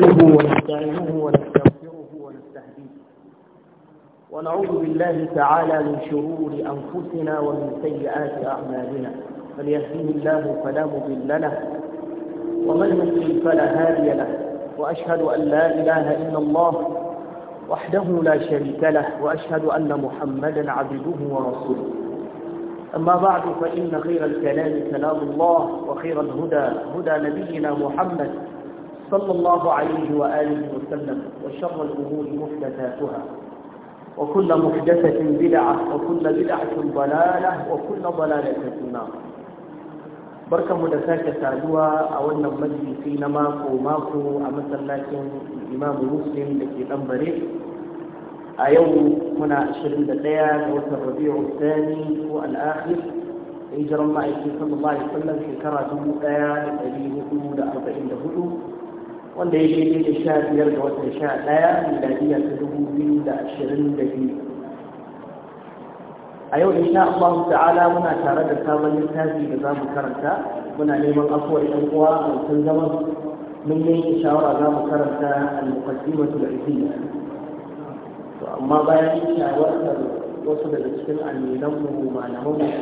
نحمده ونستعينه ونستغفره ونستهديه ونعوذ بالله تعالى من شرور أنفسنا ومن سيئات أعمالنا من الله فلا مضل له ومن يضلل فلا هادي له وأشهد أن لا إله إلا الله وحده لا شريك له وأشهد أن محمدا عبده ورسوله أما بعد فإن خير الكلام كلام الله وخير الهدى هدى نبينا محمد صلى الله عليه وآله وسلم وشر الأمور محدثاتها وكل محدثة بدعة وكل بدعة ضلالة وكل ضلالة في النار بركة مدساكة سعدوها أولنا مجلسين ماكو ماكو أمثل لكن الإمام مسلم لكي تنبري أيوم هنا عشرين دقيقة وثر ربيع الثاني والآخر إجرم معي صلى الله عليه وسلم في كرة دقيقة الذي أولى أربعين هدوء wanda ya daidai da sha biyar ga watan sha ɗaya miladiya ta dubu biyu da ashirin da biyu a yau insha Allah ta'ala muna tare da sabon littafi da za mu karanta muna neman afuwar ɗan uwa a zama zaman mun yanke shawara za mu karanta al-muqaddimatu al to amma bayan shawarar wasu daga cikin annilan mu malaman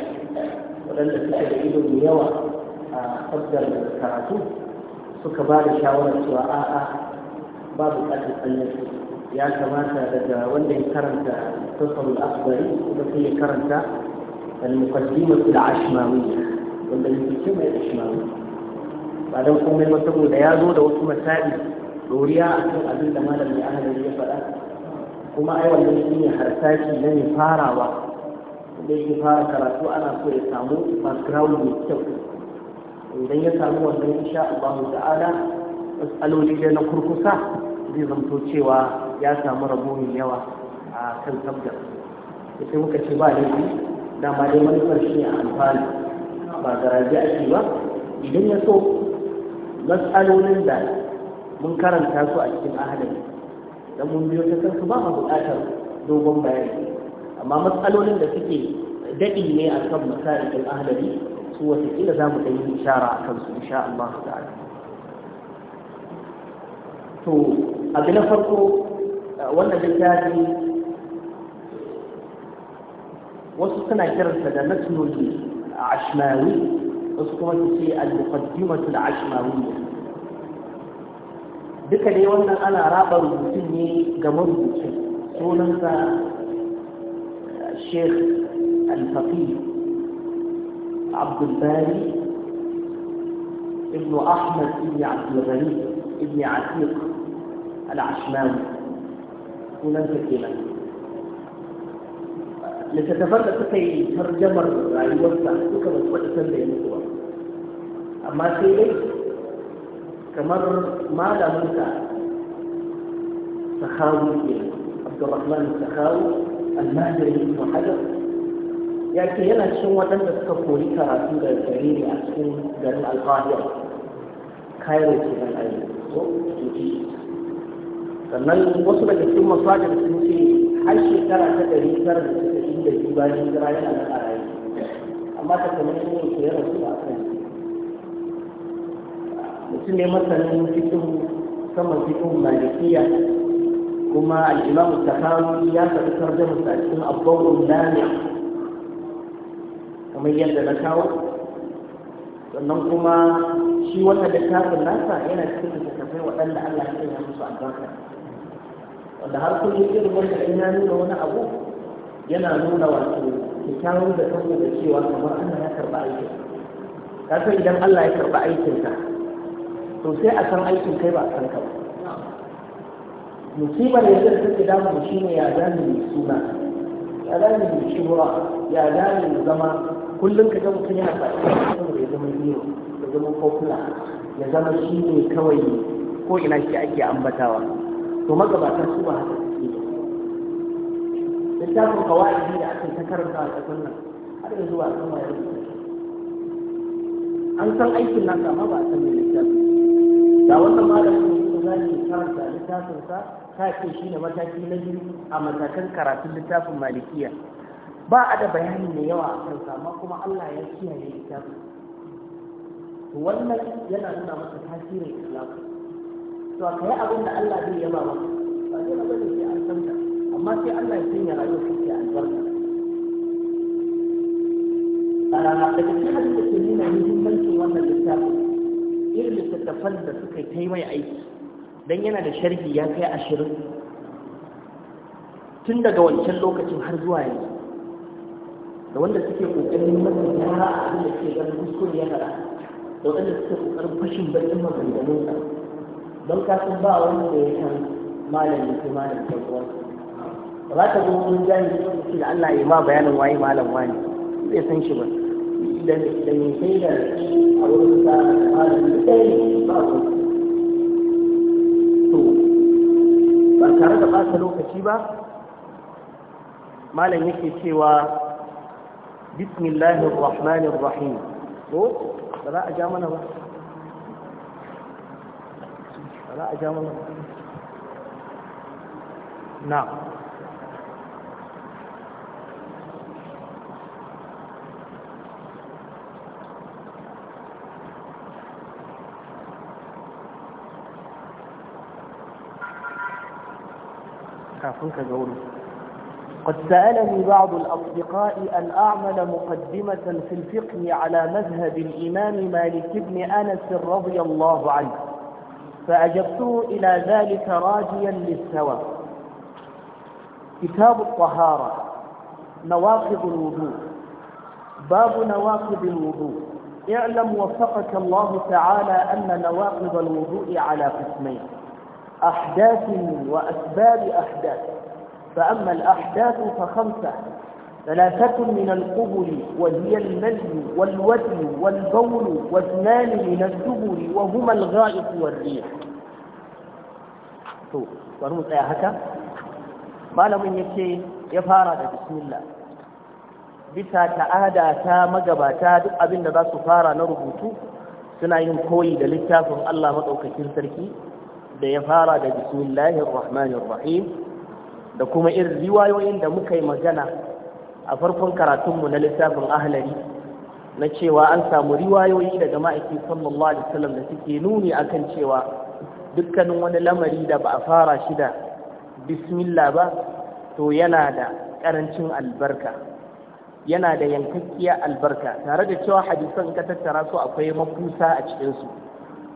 waɗanda suke da ido yawa a sabdar karatu suka ba da shawarar cewa a'a babu bukatar tsallar ya kamata daga wanda ya karanta tasawar akbari kuma sai ya karanta al-muqaddimah al-ashmawiyya wanda ya fice mai ashmawi ba dan komai ba saboda ya zo da wasu masali doriya akan abin da malam mai ahalari ya faɗa kuma ai wannan shine harsashi na ne farawa da yake fara karatu ana so ya samu background mai kyau idan ya samu wannan insha Allah ta'ala matsaloli da na kurkusa zai zanto cewa ya samu rabo mai yawa a kan sabda sai muka ce ba laifi ma dai manufar shi ne amfani ba garaje ake ba idan ya so matsalolin da mun karanta su a cikin ahalin dan mun biyo ta kansu ba ma buƙatar dogon bayani amma matsalolin da suke daɗi ne a kan masarikin ahalari قوة إلا زام الدين إشارة كم إن شاء الله تعالى تو أبنى فرقه وانا جلتاتي وصفنا جرسة نتنو العشماوي وصفنا في المقدمة العشماوية بك لي وانا أنا رابع المسلمي قمر بك سونا الشيخ آه، الفقيه عبد الباري ابن احمد بن عبد الغني بن عتيق العشماوي هناك كلا لتتفرد تكي ترجم الرعي والسعى تكى مصبت سنده مصبع أما تيلي كمر ما لا موسى سخاوي عبد الرحمن السخاوي المهجر من حجر ya ce yana cikin waɗanda suka kori karatu da jariri a cikin garin alfahiyar kayan ke nan yi so tuji sannan wasu daga cikin masajin sun ce har shekara ta ɗari tara da suka da su bayan jira yana da a rayu amma ta kamar ne ke yana su a kan mutum ne masanin cikin saman cikin malikiya kuma al'imamu kawo ya faɗi tarjama a cikin abubuwan lamiya kamar yadda na kawo sannan kuma shi wannan littafin nasa yana cikin littattafai waɗanda Allah ya sanya musu albarka wanda har kullum irin wanda in ya nuna wani abu yana nuna wato kyakkyawar da kanku da cewa kamar Allah ya karɓi aikin ka san idan Allah ya karɓa aikinka to sai a san aikin kai ba a san ka ba musibar yanzu da take damu shi ne ya gane mai suna ya gane mai shuhura ya gane zame zama kullum ka ga mutum yana fata saboda ya zama hero ya zama popular ya zama shi ne kawai ko ina shi ake ambatawa to magabata su ba haka suke da littafin kawai da aka ta karanta a ƙasar nan har yanzu ba a san wayar an san aikin nan amma ba a san mai littafin da wannan malamin ne za ki karanta littafinsa ta ce shi ne mataki na biyu a matakan karatun littafin malikiya ba a da bayani da yawa a kansa amma kuma Allah ya kiyaye ita to wannan yana nuna maka tasirin islam to a kai abin da Allah zai yaba ba, ba zai abin da sai an amma sai Allah ya sanya rayuwar ka ke albarka daga cikin hadin da ke nuna muhimmancin wannan littafin irin littattafan da suka yi mai aiki dan yana da sharhi ya kai ashirin tun daga wancan lokacin har zuwa yanzu da wanda suke kokarin masa gyara a abin da suke ganin kuskure ya faɗa da wanda suke kokarin fashin bakin maganganunsa don kasan ba wanda ya san malami ko malam ɗan uwansa ba za ta zo wurin jami'i ko ce da Allah ya ma bayanin waye malam wani zai san shi ba da da mai sai da a wurin sa malam da sai ba ko to ba tare da ɓata lokaci ba malam yake cewa بسم الله الرحمن الرحيم هو فلا أجامنا بقى فلا أجامنا نعم kafin ka قد سألني بعض الأصدقاء أن أعمل مقدمة في الفقه على مذهب الإمام مالك بن أنس رضي الله عنه فأجبته إلى ذلك راجيا للثواب كتاب الطهارة نواقض الوضوء باب نواقض الوضوء اعلم وفقك الله تعالى أن نواقض الوضوء على قسمين أحداث وأسباب أحداث فأما الأحداث فخمسة ثلاثة من القبل وهي المجل والوزن والبول واثنان من الزبر وهما الغائط والريح فهم هكا ما لم يكي يفارى بسم الله بسا تعادى تام جباتا دقى بنا ذا سفارى نربوتو سنعين قوي دلتا فهم الله مطوك كنسركي بيفارى بسم الله الرحمن الرحيم da kuma irin riwayoyin da muka yi magana a farkon karatunmu na littafin ahlari na cewa an samu riwayoyi daga ma'aiki sallallahu alaihi wasallam da suke nuni akan cewa dukkanin wani lamari da ba a fara shi da bismillah ba to yana da karancin albarka yana da yankakkiya albarka tare da cewa hadisan ka tattara su akwai mafusa a cikinsu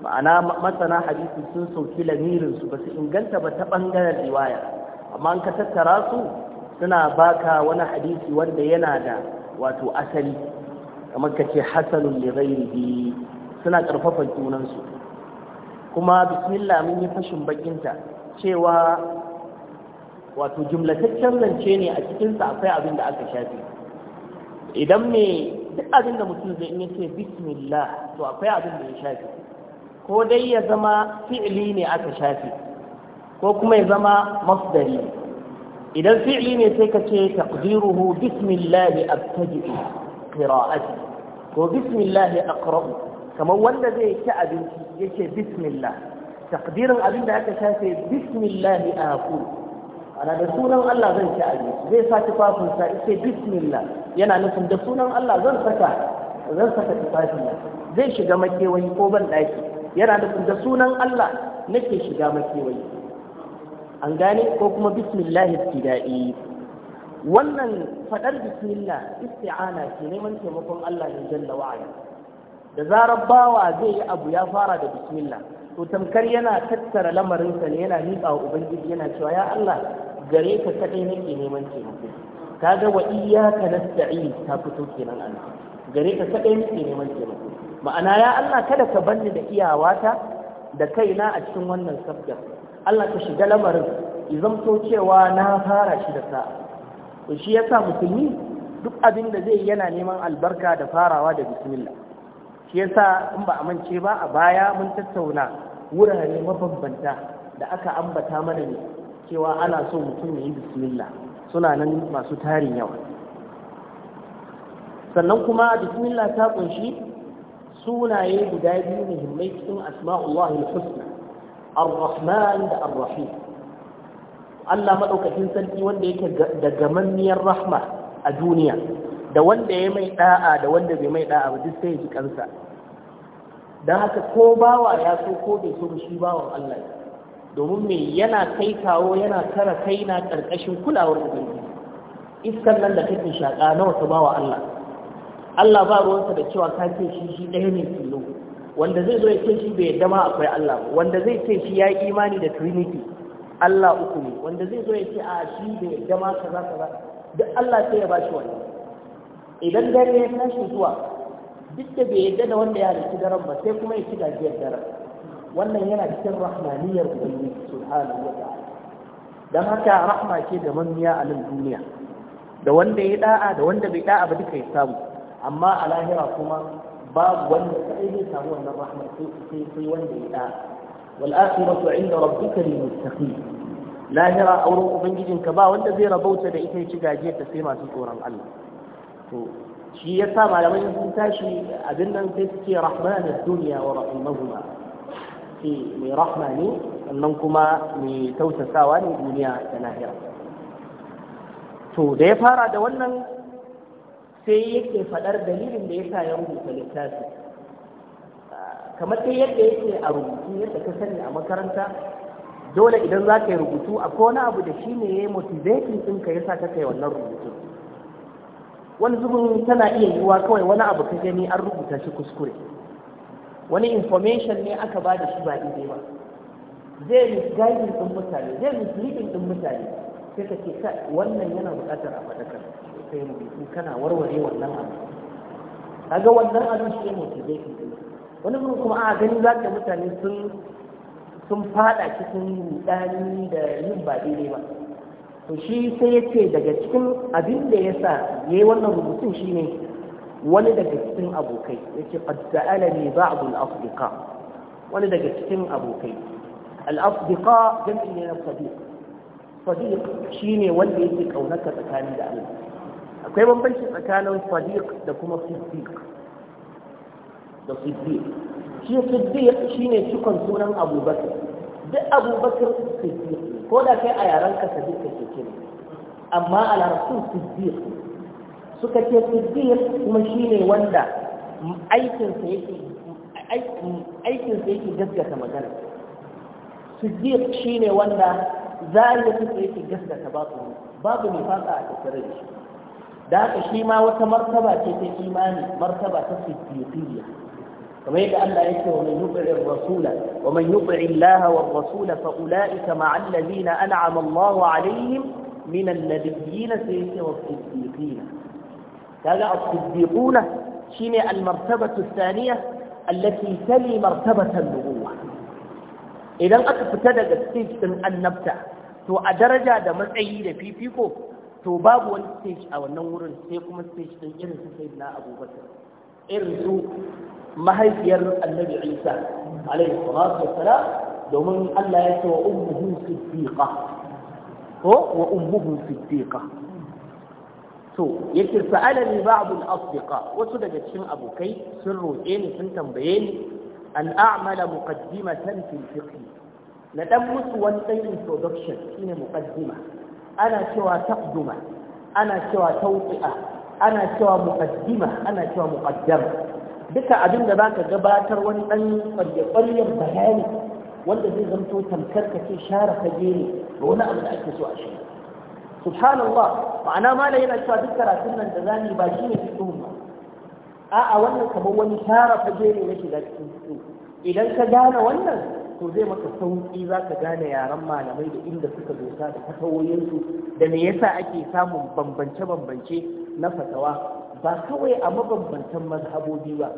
ma'ana masana hadisi sun sauki lamirinsu ba su inganta ba ta bangaren riwaya amma ka tattara su suna baka wani hadisi wanda yana da wato asali kamar ka ce hasanun li ghairihi suna karfafa junansu kuma bismillah mun yi fashin bakinta cewa wato jumlataccen zance ne a cikinsa akwai abin da aka shafi idan mai duk abin da mutum zai iya ce bismillah to akwai abin da ya shafi ko dai ya zama fi'ili ne aka shafi ko kuma ya zama masdari idan fi'li ne sai ka ce taqdiruhu bismillah abtaji'u qira'ati ko "Bismillahi aqra'u kamar wanda zai ci abinci yace bismillah taqdirin abin da aka shafe bismillah aqul ana da sunan Allah zan ci abinci zai sa tufafin sa yace bismillah yana nufin da sunan Allah zan saka zan saka tufafin zai shiga makewayi ko ban daki yana nufin da sunan Allah nake shiga makewayi an gane ko kuma bismillah ibtida'i wannan fadar bismillah isti'ana ce neman taimakon Allah ne jalla wa'ala da zarar bawa zai yi abu ya fara da bismillah to tamkar yana tattara lamarinsa ne yana miƙa wa ubangiji yana cewa ya Allah gare ka kadai nake neman taimako kaga wa iyyaka nasta'in ta fito kenan Allah gare ka kadai nake neman taimako ma'ana ya Allah kada ka banni da iyawata da kaina a cikin wannan sabgar Allah ka shiga lamarin izamto cewa na fara shi da sa'a to shi yasa musulmi duk abin da zai yana neman albarka da farawa da bismillah shi yasa in ba amince ba a baya mun tattauna wurare mabambanta da aka ambata mana ne cewa ana so mutum ya yi bismillah suna nan masu tarin yawa sannan kuma bismillah ta ƙunshi sunaye guda biyu muhimmai cikin asma'ullahi husna ar-rahman da ar-rahim Allah maɗaukacin sarki wanda yake da gamammiyar rahma a duniya da wanda ya mai da'a da wanda bai mai da'a ba duk sai ya ji kansa don haka ko bawa ya so ko bai so shi bawan Allah ne domin me yana kai tawo yana kara kai na karkashin kulawar ubangiji iskar nan da kake shaka nawa ta bawa Allah Allah ba ruwansa da cewa kace shi shi ɗaya ne tilo wanda zai zo ya ce shi bai yadda ma akwai Allah wanda zai ce shi ya yi imani da trinity Allah uku ne wanda zai zo ya ce a shi bai yadda ma kaza kaza duk Allah sai ya ba shi wani idan dare ya tashi zuwa duk da bai yadda da wanda ya halitta daren ba sai kuma ya ci gajiyar daren wannan yana cikin rahmaniyar ubangiji subhanahu wa ta'ala dan haka rahma ce da manniya a nan duniya da wanda ya da'a da wanda bai da'a ba duka ya samu amma a lahira kuma babu wanda kai zai samu wannan rahma sai sai wanda ya da wal akhiratu inda rabbika lil muttaqin lahira auren ka ba wanda zai rabauta da ita ya ci ta sai masu tsoron Allah to shi ya sa malamai sun tashi abin nan sai suke rahmanar duniya wa rahimahuma sai mai rahma ne sannan kuma mai tausasawa ne duniya da lahira to da ya fara da wannan sai yake faɗar dalilin da ya sa ya rubuta littafi kamar sai yadda yake a rubutu yadda ka sani a makaranta dole idan za ka yi rubutu a kowane abu da shi ne ya yi motivation ɗinka ya sa ka kai wannan rubutu wani zubin tana iya yiwuwa kawai wani abu ka gani an rubuta shi kuskure wani information ne aka ba da shi ba daidai ba zai misguiding ɗin mutane zai misleading ɗin mutane sai ka ce wannan yana buƙatar a faɗakar suka yi rubutu kana warware wannan abu kaga wannan abin shi ne ke motivation din wani gurin kuma a gani za ka mutane sun sun fada cikin rudani da yin ba daidai ba to shi sai ya ce daga cikin abin da ya sa ya yi wannan rubutun shi ne wani daga cikin abokai ya ce fadda'ala ne ba abu al'afdika wani daga cikin abokai al al'afdika jami'i ne na sadiq sadiq shi ne wanda yake kaunaka tsakanin da allah akwai bambanci tsakanin sadiq da kuma siddiq da siddiq shi siddiq shine cikon sunan abubakar duk abubakar siddiq ko da kai a yaran ka sadiq kake kira amma a larabcin siddiq suka ce siddiq kuma shine wanda aikinsa yake aikinsa yake gaskata magana siddiq shine wanda suka yake gaskata babu babu fasa a tattare da shi da haka shi ma wata martaba ce ta imani martaba ta sifiyya kamar yadda Allah ya ce wa man yuti rasula wa man yuti Allah wa rasula fa ulaika ma allazina an'ama Allah alaihim min annabiyyin sai ce wa siddiqina kaga as-siddiquna shine al-martabatu ath-thaniya allati tali martabata an-nubuwah idan aka fita daga stage din annabta to a daraja da matsayi da fifiko to babu wani stage a wannan wurin sai kuma stage ɗin irin su sai na abubakar irin su mahaifiyar annabi isa alaihi salatu wassalam domin Allah ya ce wa ummuhu siddiqa ko wa ummuhu siddiqa to yake sa'alani ba'd al-asdiqa wasu daga cikin abokai sun roƙe ni sun tambaye ni an a'mala muqaddimatan fil fiqh na dan musu wani introduction shine muqaddima ana cewa taqduma ana cewa tawqi'a ana cewa muqaddima ana cewa muqaddama duka abin da zaka gabatar wani dan ƙwarya-ƙwaryar bayani wanda zai zanto tamkar ka ce share fage ne ga wani abu da ake so a shi subhanallah ma'ana mala yana cewa duk karatun nan da zani ba shine fituhun ba a'a wannan kamar wani share fage ne na shiga cikin idan ka gane wannan to zai maka sauki za ka gane yaren malamai da inda suka dosa da fatawoyinsu da me yasa ake samun bambance-bambance na fatawa ba kawai a mabambantan mazhabobi ba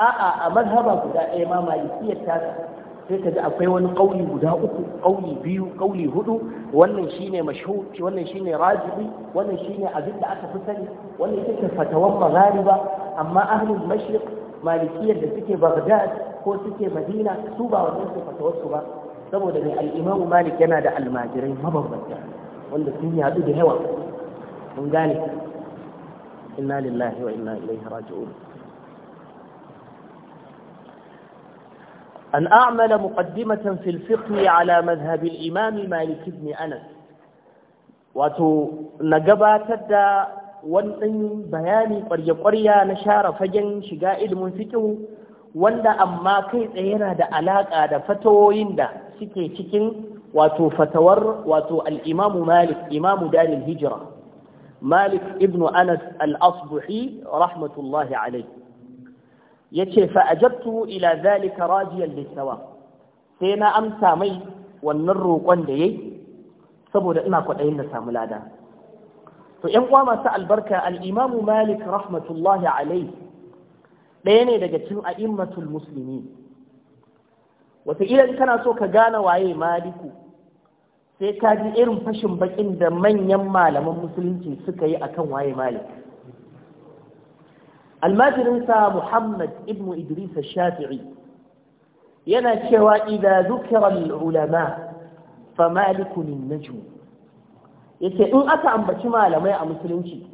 a'a a mazhaba guda ɗaya ma malikiyar ta sai ka ji akwai wani ƙauli guda uku ƙauli biyu ƙauli hudu wannan shine mashhuri wannan shine rajibi wannan shine abin da aka fi sani wannan ita ce fatawan ba amma ahlul mashriq malikiyar da suke bagdad ko suke madina su ba wannan su fatawarsu ba saboda mai al'imamu malik yana da almajirai mabambanta wanda sun yadu da yawa mun gane inna lillahi wa inna ilaihi raji'un أن أعمل مقدمة في الفقه على مذهب الإمام مالك بن أنس wato na gabatar da wannan bayani ƙwarya-ƙwarya na share fagen shiga ilimin fikihu wanda amma kai tsaye yana da alaƙa da fatawoyin da suke cikin wato fatawar wato al'imamu malik imamu dalil hijira malik ibn anas al'asbuhi rahmatullahi alai ya ce fa'ajabtu ila zalika rajiyar lissawa sai na amsa mai wannan roƙon da ya yi saboda ina kwaɗayin da samu lada to ‘yan kwa masu albarka al'imamu malik rahmatullahi alai ɗaya ne daga cikin a'immatul musulmi wataƙila kana so ka gane waye maliku sai ka ji irin fashin bakin da manyan malaman musulunci suka yi akan waye malik almajirinsa muhammad ibnu idris shafi'i yana cewa idan zukira ulama fa malikun najm yace in aka ambaci malamai a musulunci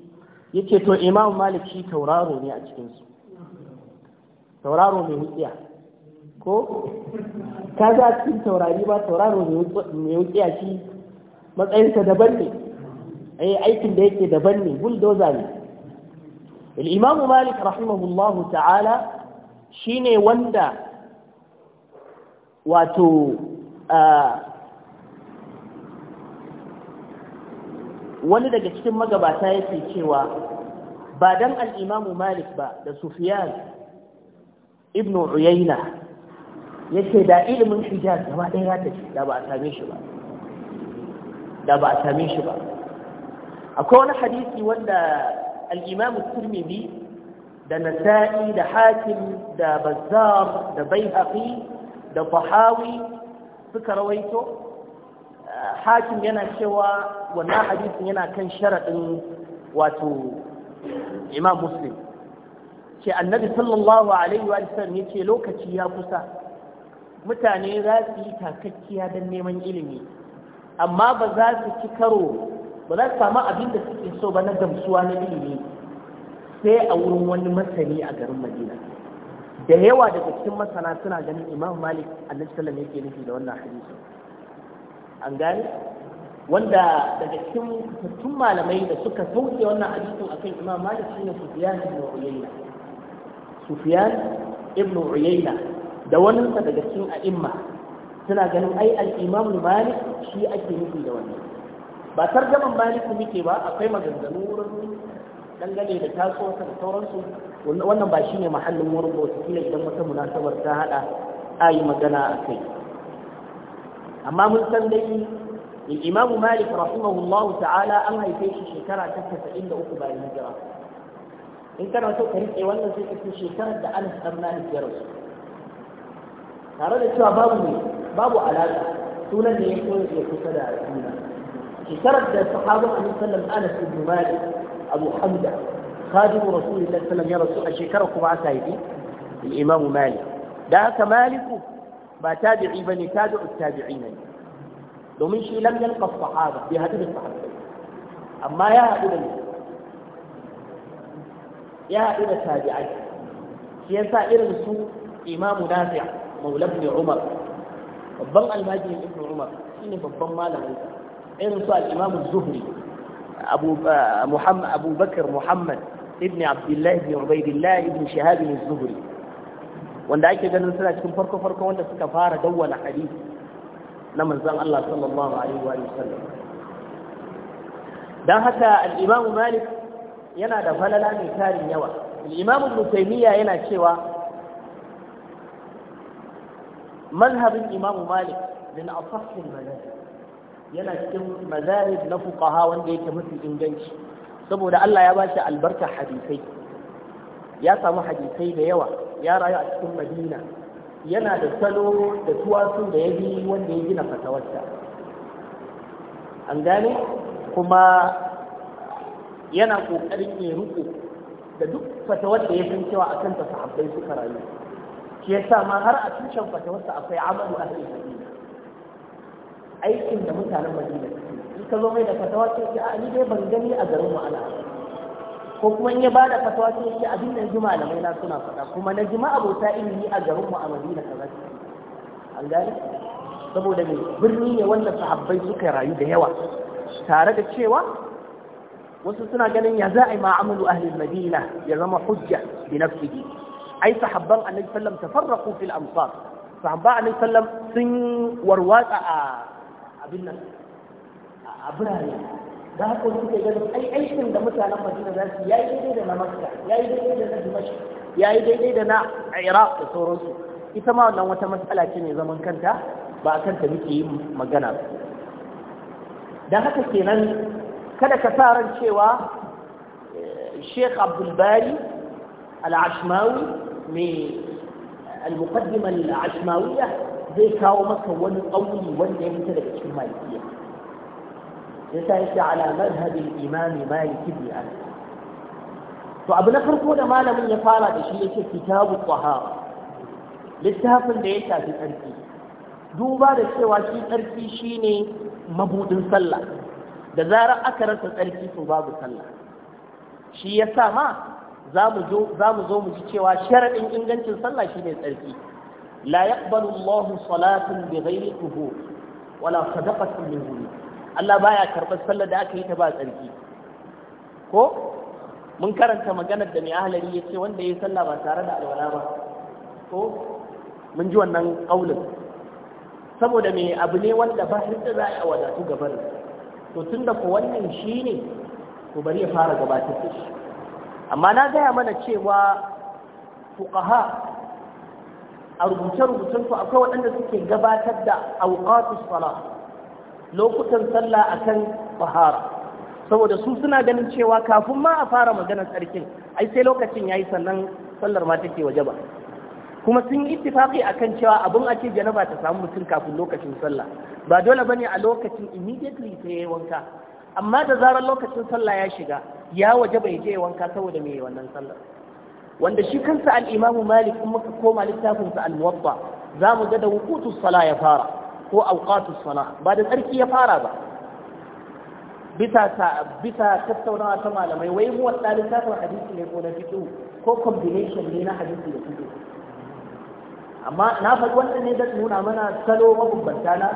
yace to imam malik shi tauraro ne a cikinsu tauraro mai wutsiya ko ka za a cikin taurari ba tauraro mai wutsiya shi matsayinsa daban ne eh, aikin da yake daban ne bulldozer ne الإمام مالك رحمه الله تعالى شيني وندا واتو wani daga cikin magabata yake cewa ba dan al'imamu malik ba da sufiyan ibn uyayna yace da ilimin hijaz gaba ɗaya ya tafi da ba a same shi ba da ba a same shi ba akwai wani hadisi wanda al-imam tirmidhi da nasa'i da hakim da bazzar da baihaqi da fahawi suka rawaito hakim yana cewa wannan hadisin yana kan sharaɗin wato imam muslim ce annabi sallallahu alaihi wa sallam yace lokaci ya kusa mutane za su yi takakkiya don neman ilimi amma ba za su ci karo ba za su samu abin da suke so ba na gamsuwa na ilimi sai a wurin wani masani a garin madina da yawa daga cikin masana suna ganin imam malik annabi sallam yake nufi da wannan hadisi an gane wanda daga cikin fitattun malamai da suka sauke wannan hadisin akan imam malik shine sufyan ibn uyayna sufyan ibn uyayna da wannan daga cikin a'imma suna ganin ai al-imam malik shi ake nufi da wannan ba tarjaman malik muke ba akwai maganganu wurin dangane da taso da sauransu wannan ba shine mahallin wurin ba kila idan wata munasabar ta hada ayi magana kai. amma mun san dai الإمام مالك an haife shi shekara ta شكرا تكتس uku bayan الهجرة in kana so ka riƙe wannan sai ka ce shekarar da anas dan malik ya rasu tare da cewa babu ne babu alaƙa sunan da ya koyo ya kusa da suna shekarar da sahabin annabi sallallahu anas ibn malik abu hamda خادم رسول الله صلى الله عليه وسلم يا رسول الشكر كما سايدي Malik مالك ذاك مالك ba tabi'i ba ne tabi'u tabi'i ne domin shi lam yalqa sahaba bi hadith sahaba amma ya haɗu da ya haɗu da tabi'ai shi yasa irin su imamu nafi' maula ibn umar babban almajirin ibn umar shine babban malamin irin su al-imamu zuhri abu eh, muhammad abu bakr muhammad ibn abdullah ibn ubaidillah ibn shihab az-zuhri wanda ake ganin suna cikin farko farko wanda suka fara dawwala hadisi na manzon Allah sallallahu alaihi wa sallam dan haka al-imamu malik yana da falala mai tarin yawa imamu ibn yana cewa mazhabin imamu malik min asahhil mazahib yana cikin mazahib na fuqaha wanda yake mafi inganci saboda Allah ya bashi albarka hadisai ya samu hadisai da yawa ya rayu a cikin madina yana da salo da tuwasu da ya bi wanda ya gina fatawarsa an gane kuma yana ƙoƙarin ya riko da duk fatawar da ya san cewa a kanta sahabbai suka rayu shi ya sa ma har a tushen fatawarsa akwai amalu a hadisi aikin da mutanen madina in ka zo mai da fatawa ce ki a ni dai ban gani a garin mu ana ko kuma in ya ba da fatawa ce abin da ji malamai na suna faɗa kuma na ji ma'abota ilimi a garin mu a madina kaza an gane saboda me birni ne wanda sahabbai suka rayu da yawa tare da cewa wasu suna ganin ya za a yi ma'amalu ahlul madina ya zama hujja bi nafsihi ai sahabban annabi sallam tafarraqu fil amsar sahabban annabi sallam sun warwatsa a abin nan a birane da haka wasu ke ganin ai aikin da mutanen madina za su yayi daidai da na makka yayi daidai da na dimashq yayi daidai da na iraq da sauransu ita ma wannan wata matsala ce mai zaman kanta ba a kanta muke yin magana ba da haka kenan kada ka sa ran cewa eh, Sheikh Abdul Bari al mai al-muqaddima zai kawo maka wani kauli wanda ya fita daga cikin malikiya yasa yake ala madhhabin imami Malik ibn to abu na farko da malamin ya fara da shi yake kitabu tahara littafin da ya shafi tsarki duba da cewa shi tsarki shine mabudin sallah da zarar aka rasa tsarki to babu sallah shi ya sa ma za mu zo mu ji cewa sharaɗin ingancin sallah shi ne tsarki la yaqbalu Allahu salatin bi ghairi tuhur wala sadaqatin min huri Allah baya karɓar sallar da aka yi ta ba tsarki ko mun karanta maganar da mai ahlari ya ce wanda ya yi sallah ba tare da alwala ba ko mun ji wannan aulin? saboda mai abu ne wanda ba shi za a wadatu gabar to tun da ku wannan shi ne ku bari ya fara gabatar da shi amma na gaya mana cewa fuqaha a rubuce-rubucen su akwai waɗanda suke gabatar da auqatus sala lokutan sallah akan bahara saboda su suna ganin cewa kafin ma a fara maganar tsarkin ai sai lokacin yayi sannan sallar ma take waje ba kuma sun yi ittifaqi akan cewa abin ake janaba ta samu mutum kafin lokacin sallah ba dole bane a lokacin immediately sai yayi wanka amma da zarar lokacin sallah ya shiga ya waje bai je wanka saboda me wannan sallah wanda shi kansa al-Imam Malik in muka koma littafin sa al-Muwatta zamu ga da wukutu salah ya fara ko awqatus salah ba da tsarki ya fara ba bisa bisa tattaunawa ta malamai wai muwatta littafin hadisi ne ko na fiqh ko combination ne na hadisi da fiqh amma na faɗi wannan ne zan nuna mana salo mabambanta na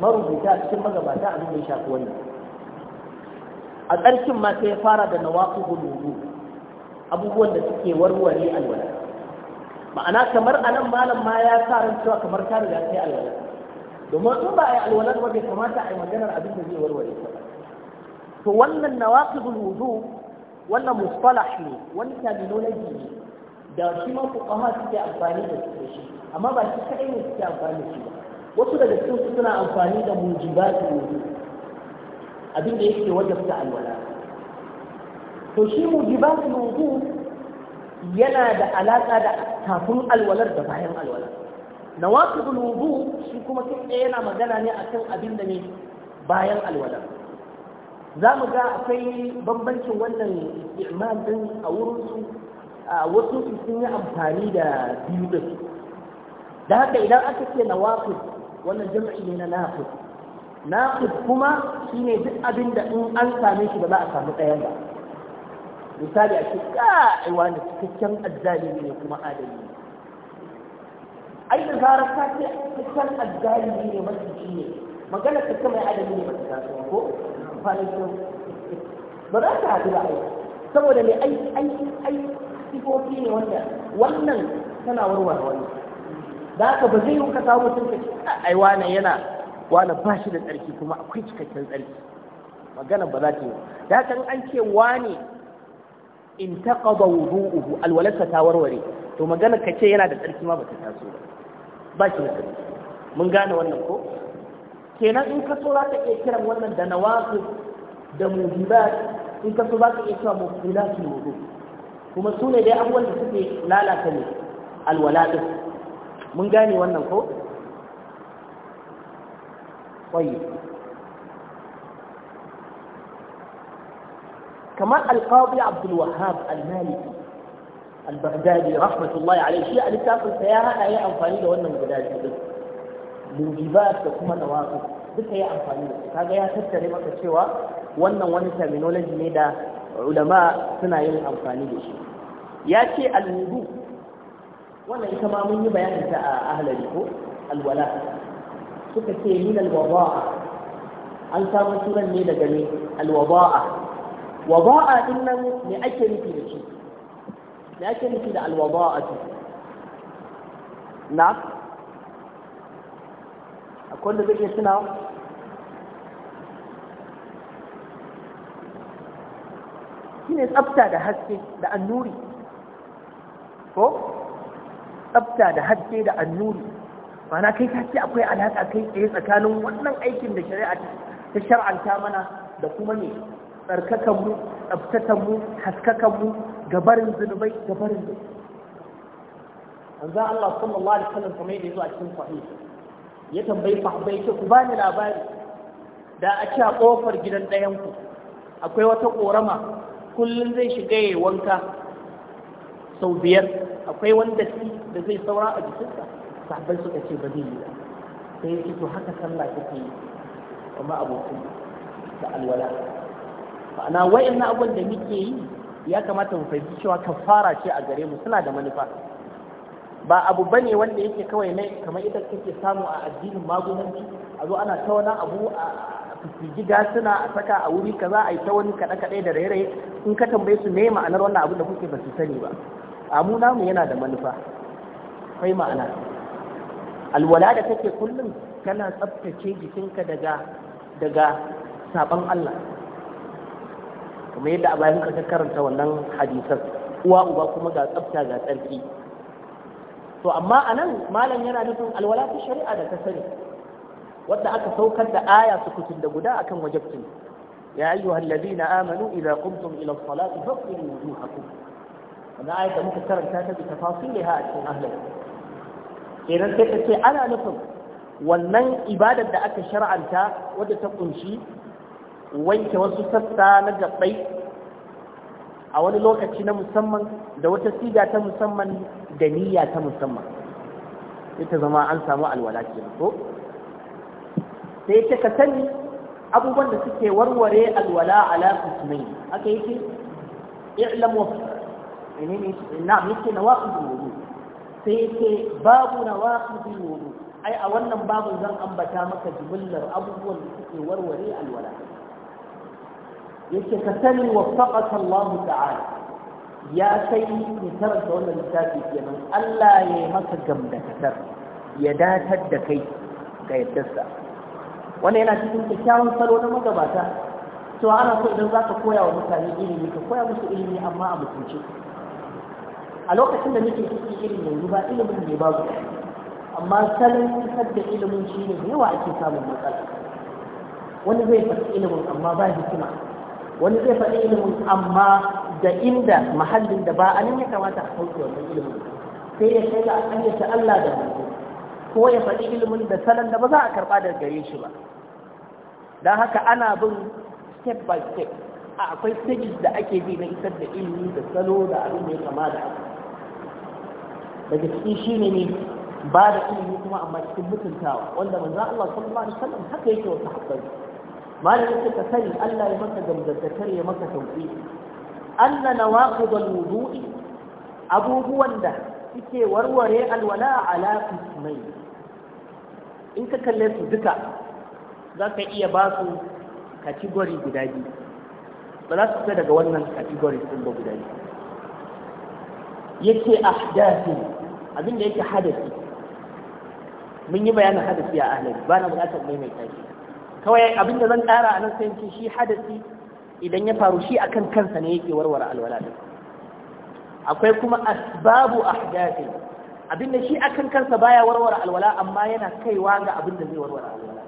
marubuta cikin magabata abin da shafi wannan a ƙarshen ma sai ya fara da nawaƙi gudu abubuwan da suke warware alwala ma'ana kamar anan malam ma ya sa ran cewa kamar ta riga ta yi alwala domin in ba a yi alwala ba bai kamata a yi maganar abin da zai warware ta to wannan nawaƙi gudu wannan mustalah ne wani terminology ne da shi ma ha suke amfani da shi amma ba shi kadai ne suke amfani da shi ba wasu daga cikin su suna amfani da mujibatu abin da yake wajabta alwala to shi mujibatu wudu yana da alaka da kafin alwalar da bayan alwala nawaqidul wudu shi kuma kin yana magana ne akan abin da ne bayan alwala. za mu ga akwai bambancin wannan i'mal din a wurin su A wasu su sun yi amfani da biyu da din da haka idan aka ce nawaqid wannan jama'i ne na naqid naqid kuma shine duk abin da in an same shi ba za a samu ɗayan ba misali a ce ka wani cikakken azzalimi ne kuma adali ne ai da zarar ka ce cikakken azzalimi ne masjidi ne magana ta mai adali ne ba ta taso ko kwanakin ba za ta haɗu ba aiki saboda mai aiki aiki aiki sifofi ne wanda wannan tana warware wani da haka ba zai yi ka samu mutum ka ce ah, ai wane yana wane ba shi da tsarki kuma akwai cikakken tsarki magana ba za ta yi da haka yi an ce wane in ta taqada wudu'uhu alwalarsa ta warware to magana ka ce yana da tsarki ma ba ta taso ba ba shi da tsarki mun gane wannan ko kenan in ka so za ka iya kiran wannan da nawaqis da mujibat in ka so za ka iya cewa mujibatul wudu' kuma su ne dai abubuwan da suke lalata ne alwala mun gane wannan ko طيب كما القاضي عبد الوهاب المالكي البغدادي رحمة الله عليه شيء اللي تاكل سياها هي أنفاني لو أنه بغدادي موجبات وكما نواقف duka ya amfani da su kaga ya tattare maka cewa wannan wani terminology ne da ulama suna yin amfani da shi ya ce alwudu wannan ita ma mun yi bayanin ta a ahlari ko alwala suka ce min alwada'a an samu turan ne daga ne alwada'a wada'a din nan me ake nufi da shi me ake nufi da alwada'a na akwai da zai suna shine tsafta da haske da annuri ko tsafta da haske da annuri mana kai ta ce akwai alaƙa kai tsaye tsakanin wannan aikin da shari'a ta shar'anta mana da kuma ne tsarkakan mu haskakanmu, mu haskakan mu gabarin zunubai gabarin an za Allah sallallahu alaihi wasallam kamar yadda yazo a cikin sahih ya tambayi sahabbai ce ku bani labari da a ce a kofar gidan ɗayanku. ku akwai wata ƙorama kullum zai shiga ya wanka sau biyar akwai wanda shi da zai saura a jikinsa sahabbai suka ce ba zai yi ba sai yake to haka sallah take yi amma abokin da alwala ma'ana wa'annan abin da muke yi ya kamata mu fahimci cewa kafara ce a gare mu suna da manufa ba abu bane wanda yake kawai ne kamar idan kake samu a addinin magunanci a zo ana ta wani abu a su gida suna a saka a wuri kaza a yi ta wani kaɗe-kaɗe da raye in ka tambaye su ne ma'anar wannan abin da kuke ba su sani ba amu namu yana da manufa kai ma'ana alwala da take kullum kana tsaftace jikinka daga daga saban Allah kuma yadda a bayan ka karanta wannan hadisan uwa uba kuma ga tsabta ga tsarki to amma anan malam yana nufin alwala ta shari'a da ta sani wadda aka saukar da aya su kutun da guda akan wajabtin ya yi ayyuhal na amanu idza qumtum ila as-salati faghsilu wujuhakum wannan ayat da muka karanta ta bi tafasiliha a cikin ahlul kenan sai ta ce ana nufin wannan ibadar da aka shara'anta, wadda ta kunshi wanke wasu sassa na gabbai a wani lokaci na musamman da wata siga ta musamman da niyya ta musamman Ita zama an samu alwala kenan ko sai yake ka sani abubuwan da suke warware alwala ala qismain aka yake i'lam wa menene na yake nawaqidul wudu sai yake babu na nawaqidul wudu ai a wannan babu zan ambata maka jimillar abubuwan da suke warware alwala yake ka sani waffaqaka Allah ta'ala ya kai ni karanta wannan littafi kenan Allah ya yi maka gamdakatar ya datar da kai ga yaddarsa wanda yana cikin kyakkyawan salo na magabata to ana so idan za ka koya wa mutane ilimi ka koya musu ilimi amma a mutunci a lokacin da muke cikin irin yanzu ba ilimin ne babu amma salon isar ilimin shi ne da yawa ake samun matsala wani zai faɗi ilimin amma ba hikima wani zai faɗi ilimin amma da inda mahallin da ba a nan ya kamata a sauke wannan ilimin sai ya kai ga an Allah da mutum ko ya faɗi ilimin da salon da ba za a karɓa daga gare shi ba don haka ana bin step by step a akwai stages da ake bi na isar da ilimi da salo da abin da ya kama da daga cikin shi ne ne ba da ilimi kuma amma cikin mutuntawa wanda za Allah sallallahu alaihi wasallam haka yake wa sahabbai malamin suka sani Allah ya maka gamdakatar ya maka tauki anna nawaqid al abubuwan da suke warware alwala ala qismai in ka kalle su duka za ka iya ba su kategori guda biyu ba za su fita daga wannan kategori ɗin ba guda biyu Ya a hadafi. abin da yake hadafi. mun yi bayanin hadafi a ahlari ba na buƙatar maimaita shi kawai abin da zan tsara a nan sai ce shi hadasi idan ya faru shi akan kansa ne yake warware alwala din akwai kuma asbabu ahdasi abin da shi akan kansa baya warware alwala amma yana kaiwa ga abin da zai warware alwala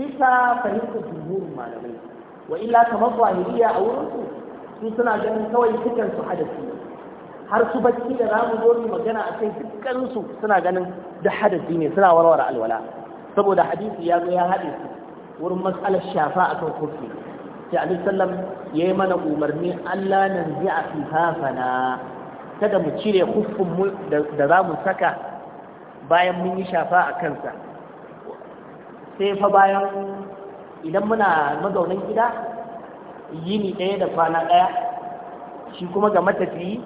bisa fahimtar jumhurin malamai wa illa kamar zahiriya a wurinsu su suna ganin kawai dukan su hadasi har su bacci da zamu zo mu magana a kai dukkaninsu suna ganin da hadasi ne suna warware alwala saboda hadisi ya zo ya haɗe su wurin matsalar shafa akan kofi sai alaihi sallam ya yi mana umarni Allah nan zai a fifafana kada mu cire kuffin mu da za mu saka bayan mun yi shafa a kansa sai fa bayan idan muna mazaunin gida yini ɗaya da kwana ɗaya shi kuma ga matafiyi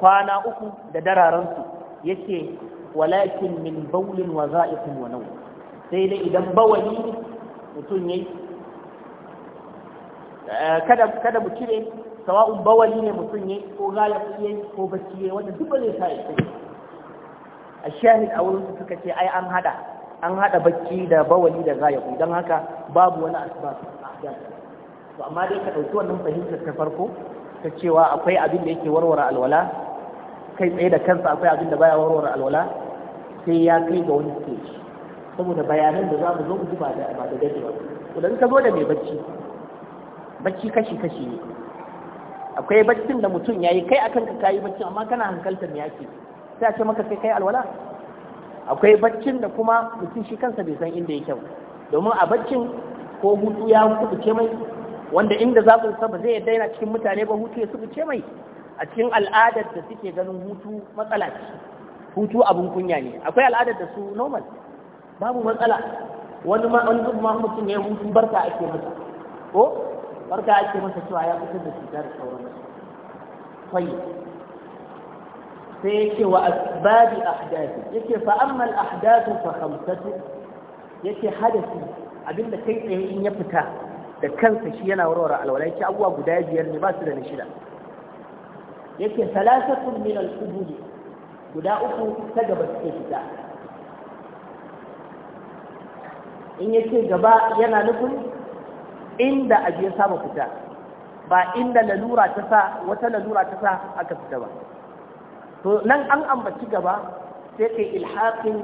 kwana uku da dararansu yake walakin min baulin wa za'ikun wa nau sai dai idan bawali mutum ya yi, eh, kada mu cire sawa'un bawali ne mutum yi ko gaya yi, ko bacci yi, wanda duk ba zai sa ya a shahid a wurin suka ce ai an hada an haɗa bacci da bawali da ku don haka babu wani asbab to amma dai ka ɗauki wannan fahimtar ta farko ta cewa akwai abin da yake warware alwala kai tsaye da kansa akwai abin da baya warware alwala sai ya kai ga wani stage saboda bayanan da za mu zo ku ba da ba da dade ba idan ka zo da mai bacci bacci kashi kashi ne akwai baccin da mutum yayi kai akan ka kayi bacci amma kana hankaltar me yake sai a ce maka kai kai alwala akwai baccin da kuma mutum shi kansa bai san inda yake ba domin a baccin ko hutu ya kubuce mai wanda inda za ku ba zai daina cikin mutane ba hutu ya subuce mai a cikin al'adar da suke ganin hutu matsala ce hutu abin kunya ne akwai al'adar da su normal babu matsala wani ma wani zuba mutum ya hutu barka ake masa ko barka ake masa cewa ya fitar da cutar da sauran sai sai yake wa asbabi ahdathi yake fa amma al ahdathu fa khamsatu yake hadasi abinda kai tsaye in ya fita da kansa shi yana warware alwalai, yake abuwa guda biyar ne ba su da shida yake salasatun min al qubuli guda uku ta gaba suke fita in yake gaba yana nufin inda aje ya saba fita ba inda lalura ta sa wata lalura ta sa aka fita ba to nan an ambaci gaba sai kai ilhaqin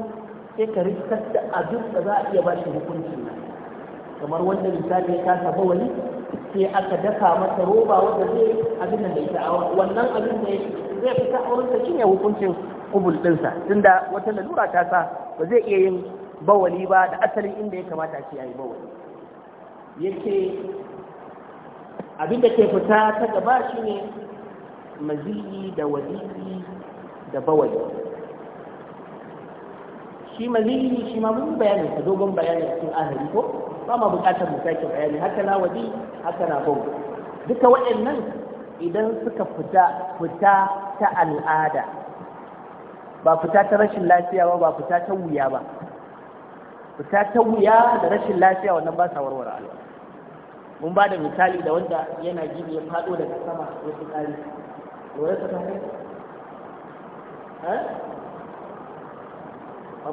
sai ka riskar da abin da za a iya ba shi hukuncin nan kamar wanda misali ya kasa wani sai aka daka masa roba wanda zai abin da ya ta'awa wannan abin da zai fita a wurin sa shine hukuncin kubul dinsa tunda wata lalura ta sa ba zai iya yin bawali ba da asalin inda ya kamata ce yayi bawali yake abin da ke fita ta gaba shine maziyi da wadiyi da bawai shi maziyi shi ma mun bayanin ta dogon bayanin cikin ahari ko ba ma bukatar mu sake bayani haka na waje haka na bau duka waɗannan idan suka fita fita ta al'ada ba fita ta rashin lafiya ba ba fita ta wuya ba fita ta wuya da rashin lafiya wannan ba sa warware al'ada mun ba da misali da wanda yana jibi ya faɗo daga sama ya fi ƙari lura ta ha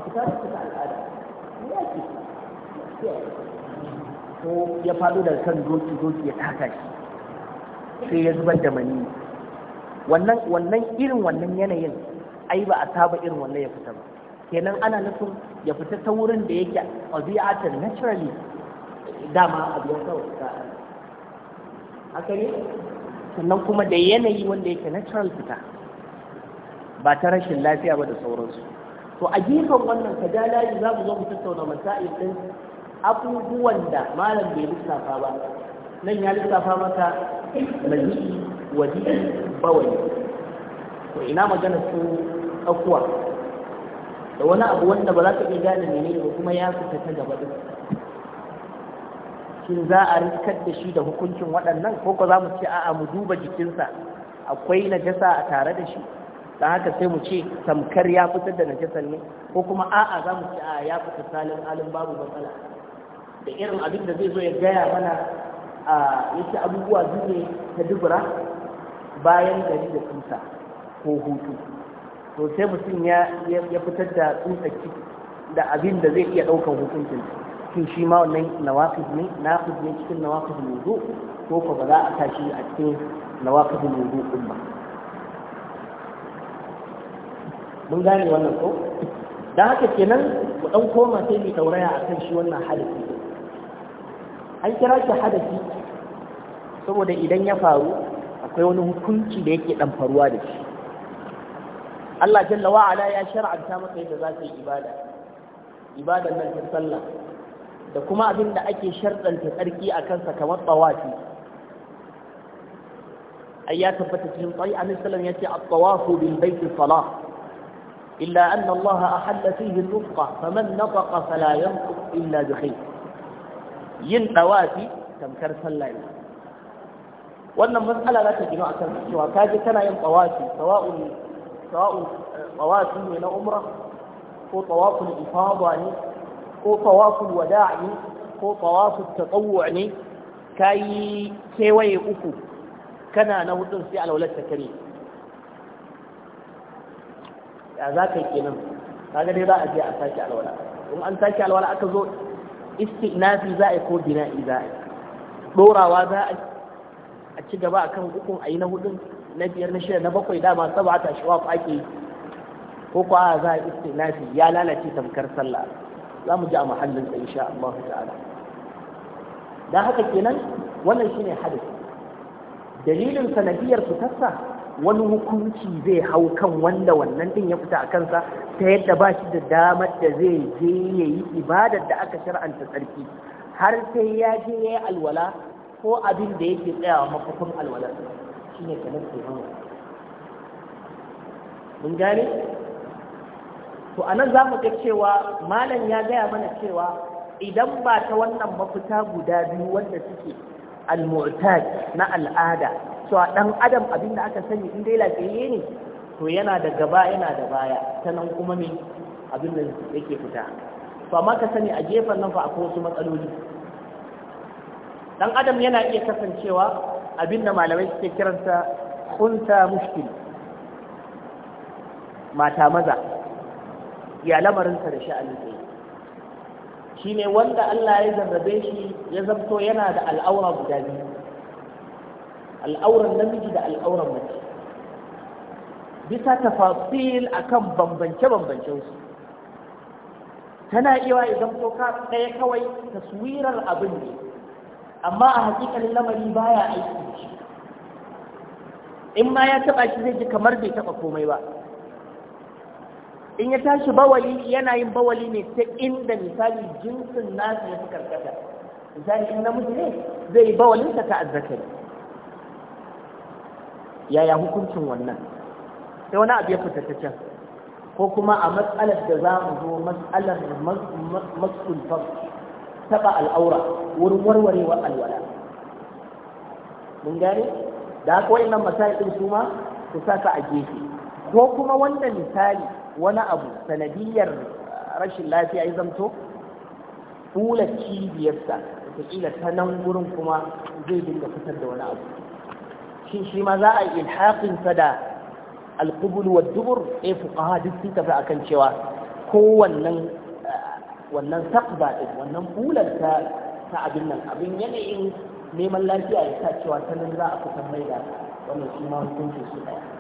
fita ta fita al'ada ya ke ko ya faɗo da kan doki doki ya taka shi sai ya zubar da mani wannan wannan irin wannan yanayin ai ba a saba irin wannan ya fita ba kenan ana nufin ya fita ta wurin da yake ɗabi'atar naturally dama abu ya wata haka ne sannan kuma da yanayi wanda yake natural fita ba ta rashin lafiya ba da sauransu to a gefen wannan ka ja layi za mu zo mu tattauna masa'il din abubuwan da malam bai lissafa ba nan ya lissafa maka mazi'i wadi'i bawai to ina magana su akuwa da wani abu wanda ba za ka iya gane menene ba kuma ya fita ta gaba din shin za a riskar da shi da hukuncin waɗannan ko ko za mu ce a'a mu duba jikinsa akwai najasa a tare da shi da haka sai mu ce tamkar ya fitar da najasar ne ko kuma a'a za mu ce a ya fitar salin halin babu matsala da irin abin da zai zo ya gaya mana a yake abubuwa zuwa ne ta dubura bayan gari da tsusa ko hutu to sai mutum ya fitar da tsusa da abin da zai iya ɗaukar hukuncin shin shi ma wannan nawafis ne nafis ne cikin nawafis mai ko ko ba za a tashi a cikin nawafis mai din ba mun gane wannan ko da haka kenan mu dan koma sai mu tauraya akan shi wannan hadasi an kira shi hadasi saboda idan ya faru akwai wani hukunci da yake dan faruwa da shi Allah jalla wa ala ya shar'anta maka yadda za ka yi ibada ibadan nan ta sallah da kuma abin da ake sharɗanta tsarki a kansa kamar tsawafi ai ya tabbata cikin tsayi annabi sallallahu alaihi wasallam yace at bil baiti salah إلا أن الله أحل فيه النطق فمن نطق فلا ينطق إلا بخير. دخيل ينقواتي تمكر سلاي وأن المسألة لا تجمع أكثر من سوى كاجة كان ينقواتي سواء سواء آه، طواف من عمره هو طواف الإفاضة هو طواف الوداع هو طواف التطوع كي كي ويقفوا كان نهدن على لولاد سكريم ya za ka yi kenan kaga dai za a je a sake alwala in an sake alwala aka zo istinafi za a yi ko bina'i za a yi dorawa za a ci gaba akan ukun a yi na hudun na biyar na shida na bakwai dama saba ta shi wafa ake yi ko kuwa za a istinafi ya lalace tamkar sallah za mu ji a muhallin sa insha Allah ta'ala Da haka kenan wannan shine hadisi dalilin sanadiyar fitarsa wani hukunci zai hau kan wanda wannan din ya fita a kansa ta yadda ba shi da damar da zai je ya yi ibadar da aka shar'anta tsarki har sai ya je ya yi alwala ko abin da yake tsayawa mafafin alwala shi ne kamar hau mun gane to anan za mu ga cewa malam ya gaya mana cewa idan ba ta wannan mafita guda biyu wanda suke al-mu'tad na al'ada a dan adam abin da aka sani in dai lafiyayye ne to yana da gaba yana da baya sanan kuma me abin da yake fita to amma ka sani a gefen nan fa akwai wasu matsaloli dan adam yana iya kasancewa abin da malamai suke kiransa kunta mushkil mata maza ya lamarinsa da sha'anin sai ne wanda Allah ya zarrabe shi ya zamto yana da al'aura guda biyu al'auran namiji da al'auran mace bisa tafasil akan bambance-bambancen su tana iya ya zamto ka ɗaya kawai taswirar abin ne amma a hakikalin lamari baya aiki in ma ya taɓa shi zai ji kamar bai taɓa komai ba in ya tashi bawali yana yin bawali ne ta inda misali jinsin nasa ya fi karkata misali in namiji ne zai yi bawalinsa ta azzakari yaya hukuncin wannan sai wani abu ya fita ta can ko kuma a matsalar da za mu zo matsalar maskulfar taba al'aura wurin warwarewar alwala mun gane da haka wayannan masail din su ma ku sa a gefe ko kuma wanda misali wani abu sanadiyar uh, rashin lafiya ya zamto kula cibiyarsa wataƙila ta nan wurin kuma zai dinga fitar da wani abu shin shi ma za a yi ilhaƙinsa da alƙubul wa dubur eh fuqaha duk sun tafi akan cewa ko uh, wannan wannan saqba wannan fulan ta abin nan abin yanayin neman lafiya ya sa cewa sanin za a fitar mai da wannan shi ma hukunci su ɗaya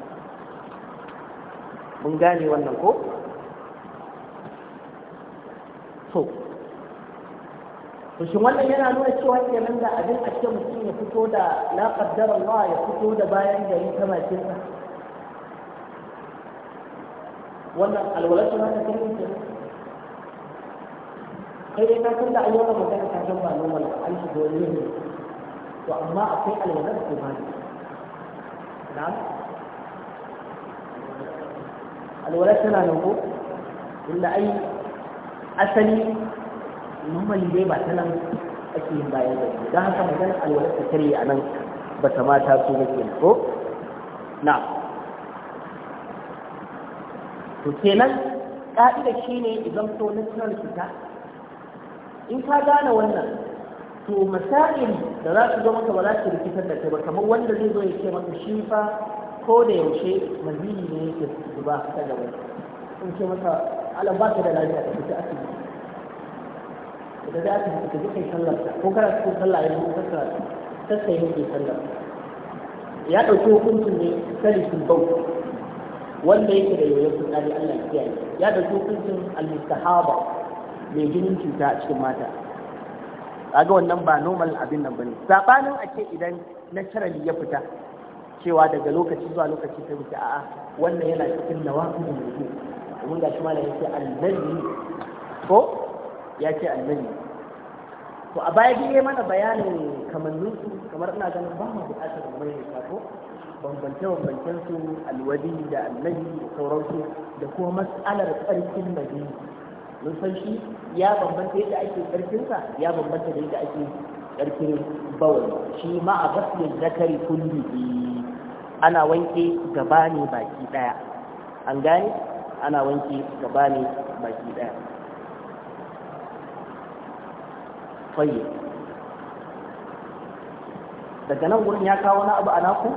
mun gane wannan ko so to shin wannan yana nuna cewa kenan da abin a ce mutum ya fito da la qaddara Allah ya fito da bayan gari ta bakin sa wannan alwalatu ma ta kai ne kai dai ka san da ayyuka magana ka san ba normal an shi dole ne to amma akwai alwalatu ma na'am alwala tana nan ko tunda ai asali normally dai ba ta nan ake yin bayan da don haka magana alwala ta tare a nan ba ta ma ta so nake ko na to kenan ka'ida ne idan to natural fita in ka gane wannan to masail da za su zama ka ba za su rikitar da kai ba kamar wanda zai zo ya ce maka shi fa ko da yaushe mazini ne yake zuba ta gaba sun ce masa alam ba ta da lafiya ta fita asibiti da za ta fita kai sallar ko kana cikin sallah yanzu kasa sassa yake sallar ya ɗauki hukuncin ne sarikin bau wanda yake da yoyon fitsari Allah ya kiyaye ya ɗauki hukuncin al Haba mai jinin cuta a cikin mata kaga wannan ba normal abin nan bane sabanin ake idan naturally ya fita cewa daga lokaci zuwa lokaci sai muke a'a wannan yana cikin nawafilin wudu domin ga shi malam yake annabi ko ya ce annabi to a baya dai mana bayanin kamannin su kamar ina ganin ba mu buƙatar mu mai ko bambance bambancen su alwadi da annabi da sauransu da kuma mas'alar tsarkin nabi mun san shi ya bambanta yadda ake sa, ya bambanta da yadda ake tsarkin bawal shi ma a gaskiyar zakari kulli ana wanke gaba ne baki daya an gane ana wanke gaba ne baki daya fayi daga nan gurin ya kawo na abu a naku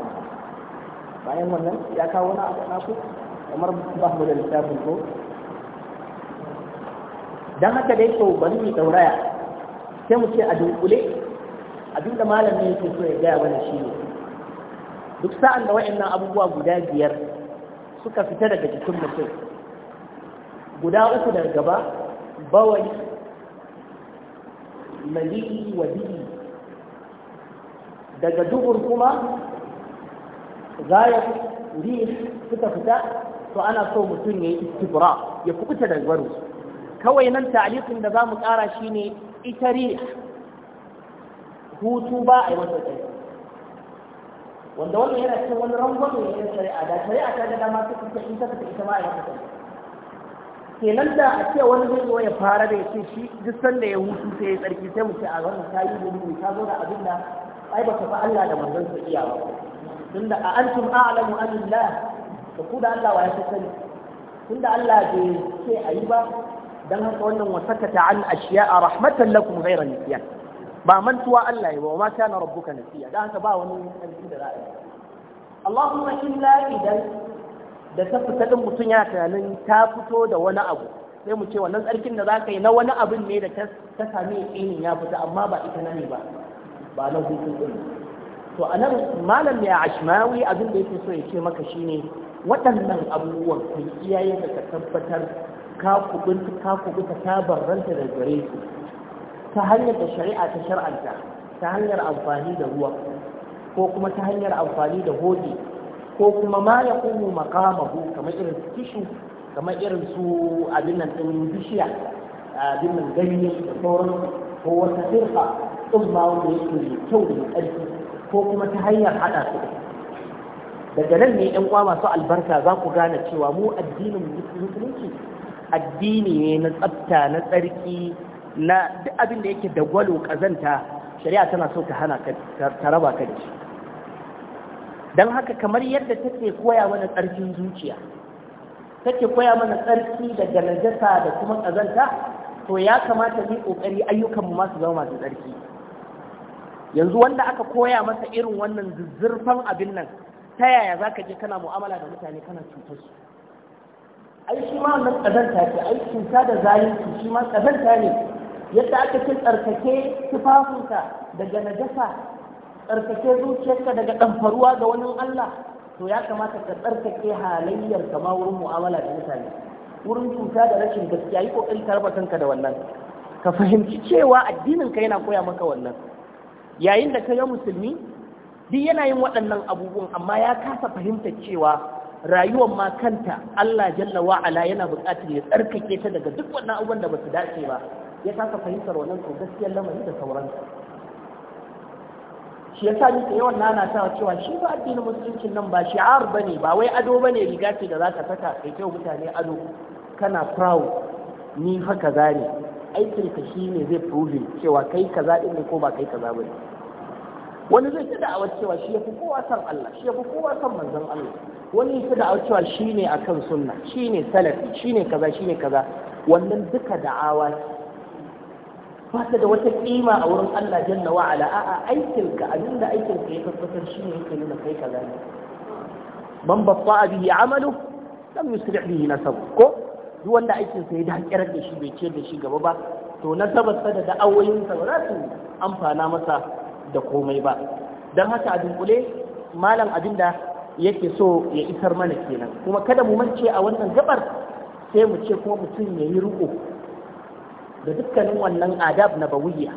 bayan wannan ya kawo na abu a naku kamar ba mu da littafin ko don haka dai to bari mu dauraya sai mu ce a dunkule abinda malamin yake so ya gaya mana shi ne duk sa'an da wa'annan abubuwa guda biyar suka fita daga jikin mutum guda uku daga gaba bawai mali wa biyi daga dubur kuma gayar rih suka fita to ana so mutum ya yi istibra ya kawai nan ta'alikin da za mu ƙara shine ita rih hutu ba a yi masa tsaye wanda wannan yana cikin wani rangwame ne na shari'a da shari'a ta ga dama ta kuka in ta kuka ita ma a yanka kenan da a ce wani zai zo ya fara da ya ce shi duk sanda ya hutu sai ya tsarki sai mu ce a wannan ta yi gudu ta zo da abin da ai ba ka fa Allah da manzon sa iya ba tunda a antum a'lamu anillah da ku da Allah wa ya sani tunda Allah bai ce ayi ba dan haka wannan wasakata an a rahmatan lakum ghayra nisyan ba mantuwa Allah ya ba ma kana rabbuka nasiya dan haka ba wani aiki da ra'ayi Allahumma illa idan da ta fita din mutun yana tunanin ta fito da wani abu sai mu ce wannan tsarkin da za yi na wani abin ne da ta sami inin ya fita amma ba ita na ne ba ba na hutun din to a nan malam ya ashmawi abin da yake so ya ce maka shine waɗannan abubuwan ku iyaye da ka tabbatar ka kubuta ka kubuta ta barranta da gare su ta hanyar da shari'a ta shar'anta ta hanyar amfani da ruwa ko kuma ta hanyar amfani da hoji ko kuma ma ya kuma makamahu kamar irin su tishu kamar irin su abin nan ɗin bishiya abin nan ganye da sauran ko wata firka ɗin ma wanda yake mai kyau da ƙarfi ko kuma ta hanyar haɗa su daga nan ne ƴan uwa masu albarka za ku gane cewa mu addinin musulunci addini ne na tsafta na tsarki na duk abin da yake da gwalo kazanta shari'a tana so ta hana ta raba ka da shi don haka kamar yadda take koya mana tsarkin zuciya take koya mana tsarki daga najasa da kuma kazanta to ya kamata mu kokari ayyukan mu masu zama masu tsarki yanzu wanda aka koya masa irin wannan zuzzurfan abin nan ta yaya zaka je kana mu'amala da mutane kana cutar su ai shi ma wannan kazanta ce aikin cuta da zalunci shi ma kazanta ne yadda aka ce tsarkake tufafinka daga najasa tsarkake zuciyarka daga ɗanfaruwa ga wani Allah to ya kamata ka tsarkake halayyar kama wurin mu'amala da mutane wurin cuta da rashin gaskiya yi kokari ka raba kanka da wannan ka fahimci cewa addinin ka yana koya maka wannan yayin da ka ga musulmi duk yana yin waɗannan abubuwan amma ya kasa fahimtar cewa rayuwar ma kanta Allah jalla wa'ala yana buƙatar ya tsarkake ta daga duk wannan abubuwan da ba su dace ba ya kasa fahimtar wannan to gaskiyar lamari da sauransu shi yasa ni da yawan nana ta cewa shi ba addinin musulunci nan ba shi'ar bane ba wai ado bane riga ce da za ka saka kai kyau mutane ado kana proud ni haka kaza ne aikin ka shi ne zai prove cewa kai kaza din ne ko ba kai kaza bane wani zai ta da'awar cewa shi yafi kowa san Allah shi yafi kowa san manzon Allah wani ya da'awar cewa shi ne akan sunna shi ne salafi shi ne kaza shi ne kaza wannan duka da'awa ce fata ta da wata kima a wurin Allah jalla wa ala a'a da aikin ka ya tabbatar shi ne yake nuna kai kaza ne man batta bihi amalu lam yusri bihi nasab ko duk wanda aikin sa ya dakirar da shi bai ce da shi gaba ba to nasabar sa da da'awoyin sa ba za su amfana masa da komai ba dan haka a dunkule malam abinda yake so ya isar mana kenan kuma kada mu mance a wannan gabar sai mu ce kuma mutum ya yi riko da dukkanin wannan adab na bawiyya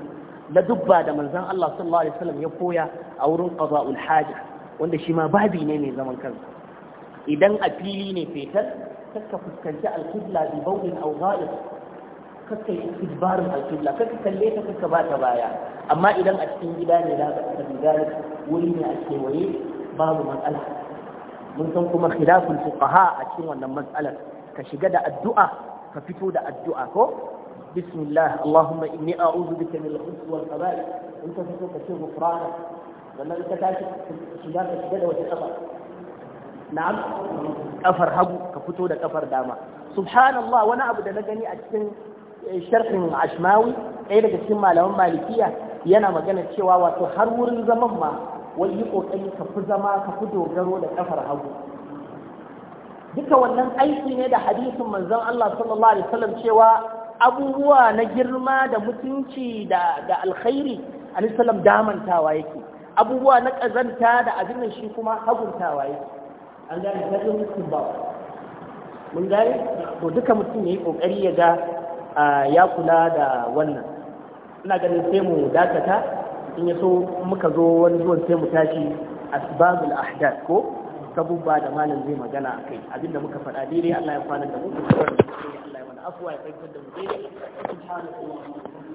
na dubba da manzon Allah sallallahu alaihi wasallam ya koya a wurin qada'ul haja wanda shi ma babi ne mai zaman kansa idan a fili ne fetar kakka fuskanci alqibla bi bawlin aw gha'ib kakka yi istidbarin alqibla kakka kalle ta kakka ba ta baya amma idan a cikin gida ne za ka riga wuri ne a kewaye babu matsala mun san kuma khilaful fuqaha a cikin wannan matsalar ka shiga da addu'a ka fito da addu'a ko بسم الله اللهم إني أعوذ بك من الخبث والخبائث أنت تتوقع شيء غفرانك ولا أنت تعيش شجاعة الشجاعة والشقاء نعم كفر هبو كفتو دا كفر داما سبحان الله وانا أبو دا شرح عشماوي ɗaya daga cikin malaman malikiya yana magana cewa wato har wurin zaman ma wani yi kokari ka fi zama ka fi dogaro da kafar hagu duka wannan aiki ne da hadisin manzon Allah sallallahu alaihi wasallam cewa abubuwa na girma da mutunci da alkhairi alisalam damantawa yake abubuwa na ƙazanta da abin shi kuma haguntawa yake an gane zaɓin mutum ba mun gane to duka mutum ya yi ƙoƙari ya ga ya kula da wannan ina ganin sai mu dakata in ya so muka zo wani zuwan sai mu tashi asbabul ahdath ko sabubba da malam zai magana a kai abinda muka faɗa daidai Allah ya kwana da mu afuwa ya fahimtar da mu daidai